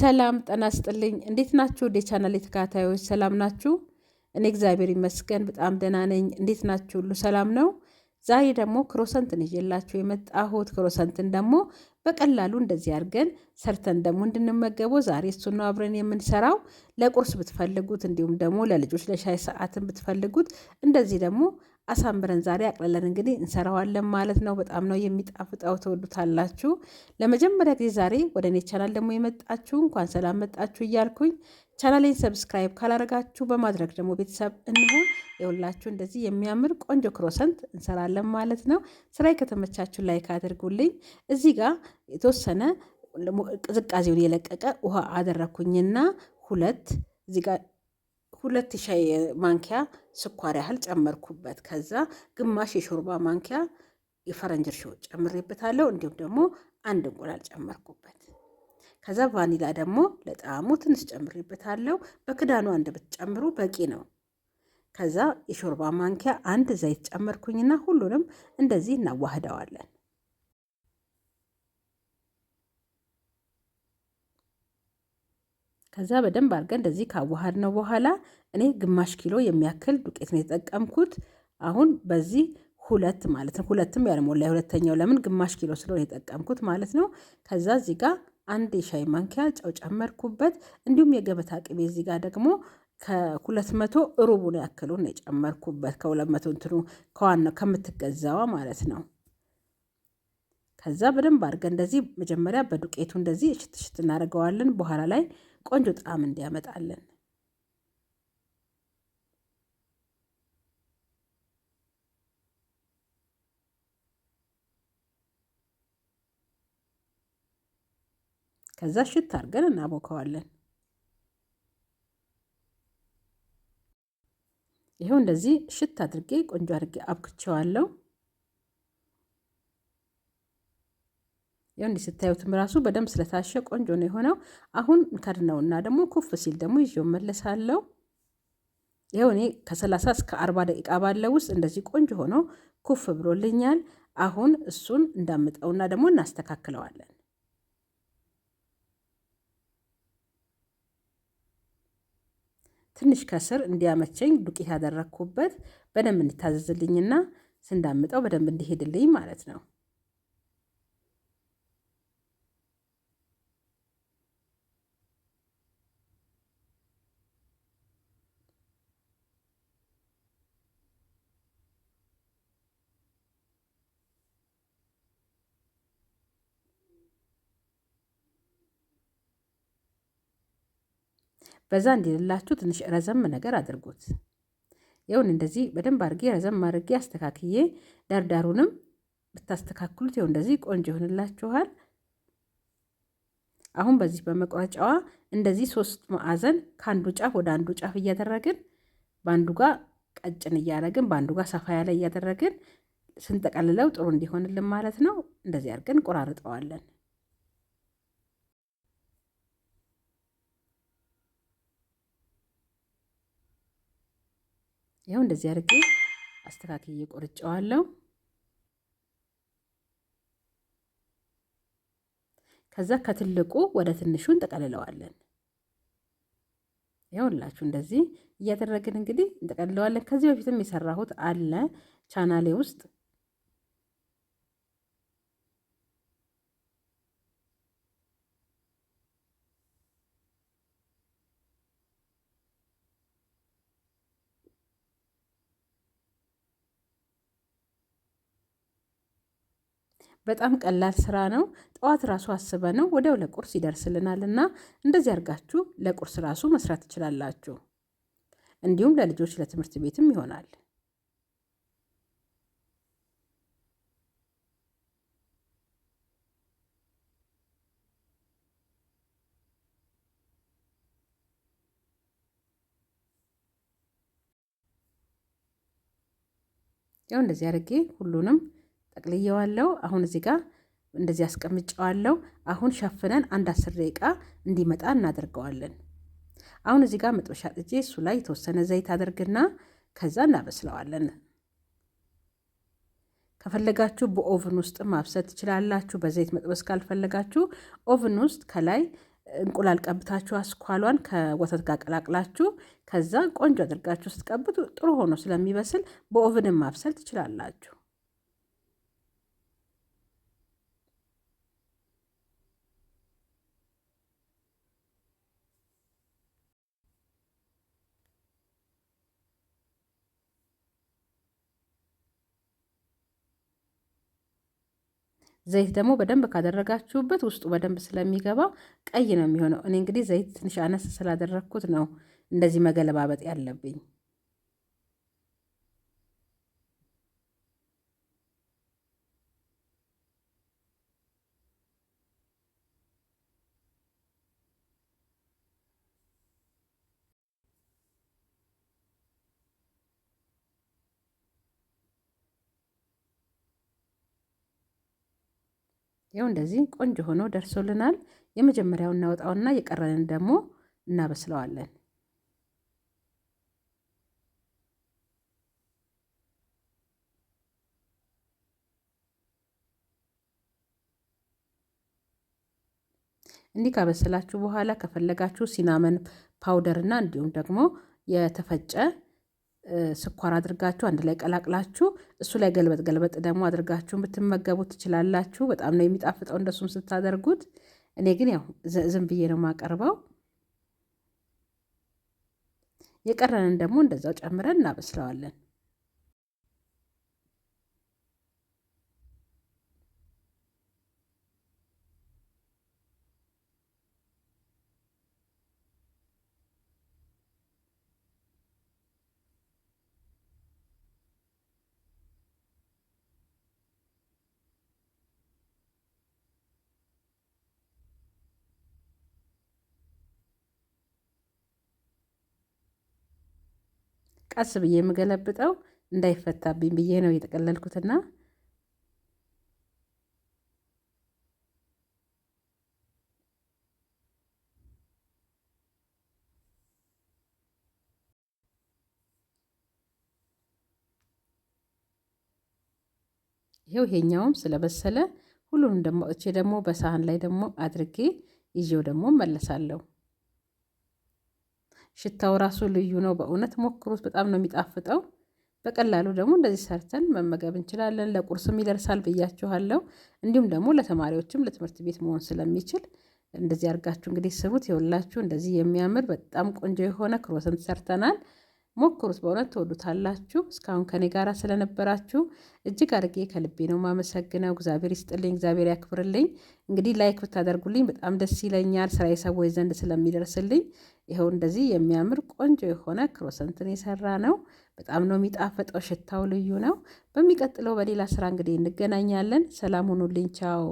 ሰላም ጠና ስጥልኝ። እንዴት ናችሁ? ወደ ቻናል የተከታታዮች ሰላም ናችሁ? እኔ እግዚአብሔር ይመስገን በጣም ደህና ነኝ። እንዴት ናችሁ? ሁሉ ሰላም ነው? ዛሬ ደግሞ ክሮሰንትን ይዤላችሁ የመጣሁት ክሮሰንትን ደግሞ በቀላሉ እንደዚህ አድርገን ሰርተን ደግሞ እንድንመገበው ዛሬ እሱን ነው አብረን የምንሰራው። ለቁርስ ብትፈልጉት እንዲሁም ደግሞ ለልጆች ለሻይ ሰዓትን ብትፈልጉት እንደዚህ ደግሞ አሳምረን ዛሬ አቅለለን እንግዲህ እንሰራዋለን ማለት ነው። በጣም ነው የሚጣፍጠው፣ ተወዱታላችሁ። ለመጀመሪያ ጊዜ ዛሬ ወደ እኔ ቻናል ደግሞ የመጣችሁ እንኳን ሰላም መጣችሁ እያልኩኝ ቻናሌን ሰብስክራይብ ካላረጋችሁ በማድረግ ደግሞ ቤተሰብ እንሆን። የሁላችሁ እንደዚህ የሚያምር ቆንጆ ክሮሰንት እንሰራለን ማለት ነው። ስራዬ ከተመቻችሁ ላይክ አድርጉልኝ። እዚህ ጋር የተወሰነ ቅዝቃዜውን የለቀቀ ውሃ አደረኩኝና ሁለት እዚህ ጋር ሁለት ሻይ ማንኪያ ስኳር ያህል ጨመርኩበት። ከዛ ግማሽ የሾርባ ማንኪያ የፈረንጅ እርሾ ጨምሬበታለሁ። እንዲሁም ደግሞ አንድ እንቁላል ጨመርኩበት። ከዛ ቫኒላ ደግሞ ለጣዕሙ ትንሽ ጨምሬበታለሁ። በክዳኑ አንድ ብትጨምሩ በቂ ነው። ከዛ የሾርባ ማንኪያ አንድ ዘይት ጨመርኩኝና ሁሉንም እንደዚህ እናዋህደዋለን። ከዛ በደንብ አድርገን እንደዚህ ካዋሃድ ነው በኋላ እኔ ግማሽ ኪሎ የሚያክል ዱቄት ነው የተጠቀምኩት። አሁን በዚህ ሁለት ማለት ነው። ሁለትም ያልሞላ የሁለተኛው ለምን ግማሽ ኪሎ ስለሆነ የጠቀምኩት ማለት ነው። ከዛ እዚህ ጋር አንድ የሻይ ማንኪያ ጨው ጨመርኩበት። እንዲሁም የገበታ ቅቤ እዚህ ጋር ደግሞ ከሁለት መቶ ሩቡን ያክሉን የጨመርኩበት ከሁለት መቶ እንትኑ ከዋናው ከምትገዛዋ ማለት ነው። ከዛ በደንብ አድርገን እንደዚህ መጀመሪያ በዱቄቱ እንደዚህ እሽት እሽት እናደርገዋለን። በኋላ ላይ ቆንጆ ጣዕም እንዲያመጣለን ከዛ ሽት አድርገን እናቦከዋለን። ይኸው እንደዚህ ሽት አድርጌ ቆንጆ አድርጌ አብክቸዋለሁ። ይው እንዲህ ስታዩትም ራሱ በደንብ ስለታሸ ቆንጆ ነው የሆነው። አሁን ከድነውና ደግሞ ኩፍ ሲል ደግሞ ይዤው መለሳለሁ። ይኸው እኔ ከሰላሳ እስከ አርባ ደቂቃ ባለው ውስጥ እንደዚህ ቆንጆ ሆኖ ኩፍ ብሎልኛል። አሁን እሱን እንዳምጠውና ደግሞ እናስተካክለዋለን። ትንሽ ከስር እንዲያመቸኝ ዱቄት ያደረግኩበት በደንብ እንዲታዘዝልኝና ስንዳምጠው በደንብ እንዲሄድልኝ ማለት ነው። በዛ እንዲልላችሁ ትንሽ ረዘም ነገር አድርጉት። ይሁን እንደዚህ በደንብ አድርጌ ረዘም አድርጌ አስተካክዬ ዳርዳሩንም ብታስተካክሉት ይሁን እንደዚህ ቆንጆ ይሆንላችኋል። አሁን በዚህ በመቁረጫዋ እንደዚህ ሶስት ማዕዘን ከአንዱ ጫፍ ወደ አንዱ ጫፍ እያደረግን በአንዱ ጋር ቀጭን እያደረግን በአንዱ ጋር ሰፋ ያለ እያደረግን ስንጠቀልለው ጥሩ እንዲሆንልን ማለት ነው። እንደዚህ አድርገን ቆራርጠዋለን። ያው እንደዚህ አድርጌ አስተካክዬ ቆርጨዋለሁ። ከዛ ከትልቁ ወደ ትንሹ እንጠቀልለዋለን። ይኸውላችሁ እንደዚህ እያደረግን እንግዲህ እንጠቀልለዋለን። ከዚህ በፊትም የሰራሁት አለ ቻናሌ ውስጥ በጣም ቀላል ስራ ነው። ጠዋት ራሱ አስበ ነው ወዲያው ለቁርስ ይደርስልናል እና እንደዚህ አድርጋችሁ ለቁርስ ራሱ መስራት ትችላላችሁ። እንዲሁም ለልጆች ለትምህርት ቤትም ይሆናል። ያው እንደዚህ አድርጌ ሁሉንም ጠቅልየዋለው። አሁን እዚህ ጋር እንደዚህ አስቀምጨዋለው። አሁን ሸፍነን አንድ አስር ደቂቃ እንዲመጣ እናደርገዋለን። አሁን እዚህ ጋር መጥበሻ ጥጄ እሱ ላይ የተወሰነ ዘይት አድርግና ከዛ እናበስለዋለን። ከፈለጋችሁ በኦቭን ውስጥ ማብሰል ትችላላችሁ። በዘይት መጥበስ ካልፈለጋችሁ ኦቭን ውስጥ ከላይ እንቁላል ቀብታችሁ አስኳሏን ከወተት ጋር ቀላቅላችሁ ከዛ ቆንጆ አድርጋችሁ ስትቀብቱ ጥሩ ሆኖ ስለሚበስል በኦቭንም ማብሰል ትችላላችሁ። ዘይት ደግሞ በደንብ ካደረጋችሁበት ውስጡ በደንብ ስለሚገባ ቀይ ነው የሚሆነው። እኔ እንግዲህ ዘይት ትንሽ አነስ ስላደረግኩት ነው እንደዚህ መገለባበጥ ያለብኝ። ይኸው እንደዚህ ቆንጆ ሆኖ ደርሶልናል። የመጀመሪያው እናወጣውና የቀረንን ደግሞ እናበስለዋለን። እንዲህ ካበሰላችሁ በኋላ ከፈለጋችሁ ሲናመን ፓውደርና እንዲሁም ደግሞ የተፈጨ ስኳር አድርጋችሁ አንድ ላይ ቀላቅላችሁ እሱ ላይ ገልበጥ ገልበጥ ደግሞ አድርጋችሁን ብትመገቡት ትችላላችሁ። በጣም ነው የሚጣፍጠው እንደሱም ስታደርጉት። እኔ ግን ያው ዝም ብዬ ነው የማቀርበው። የቀረንን ደግሞ እንደዛው ጨምረን እናበስለዋለን። ቀስ ብዬ የምገለብጠው እንዳይፈታብኝ ብዬ ነው የጠቀለልኩትና ይሄው ይሄኛውም ስለበሰለ ሁሉንም ደግሞ እቼ ደግሞ በሳህን ላይ ደግሞ አድርጌ ይዤው ደግሞ መለሳለሁ። ሽታው ራሱ ልዩ ነው። በእውነት ሞክሩት፣ በጣም ነው የሚጣፍጠው። በቀላሉ ደግሞ እንደዚህ ሰርተን መመገብ እንችላለን። ለቁርስም ይደርሳል ብያችኋለሁ። እንዲሁም ደግሞ ለተማሪዎችም ለትምህርት ቤት መሆን ስለሚችል እንደዚህ አድርጋችሁ እንግዲህ ስሩት። ይኸውላችሁ እንደዚህ የሚያምር በጣም ቆንጆ የሆነ ክሮሰንት ሰርተናል። ሞክሩት፣ በእውነት ትወዱታላችሁ። እስካሁን ከኔ ጋር ስለነበራችሁ እጅግ አድርጌ ከልቤ ነው ማመሰግነው። እግዚአብሔር ይስጥልኝ፣ እግዚአብሔር ያክብርልኝ። እንግዲህ ላይክ ብታደርጉልኝ በጣም ደስ ይለኛል፣ ስራ የሰዎች ዘንድ ስለሚደርስልኝ። ይኸው እንደዚህ የሚያምር ቆንጆ የሆነ ክሮሰንትን የሰራ ነው። በጣም ነው የሚጣፈጠው፣ ሽታው ልዩ ነው። በሚቀጥለው በሌላ ስራ እንግዲህ እንገናኛለን። ሰላም ሁኑልኝ። ቻው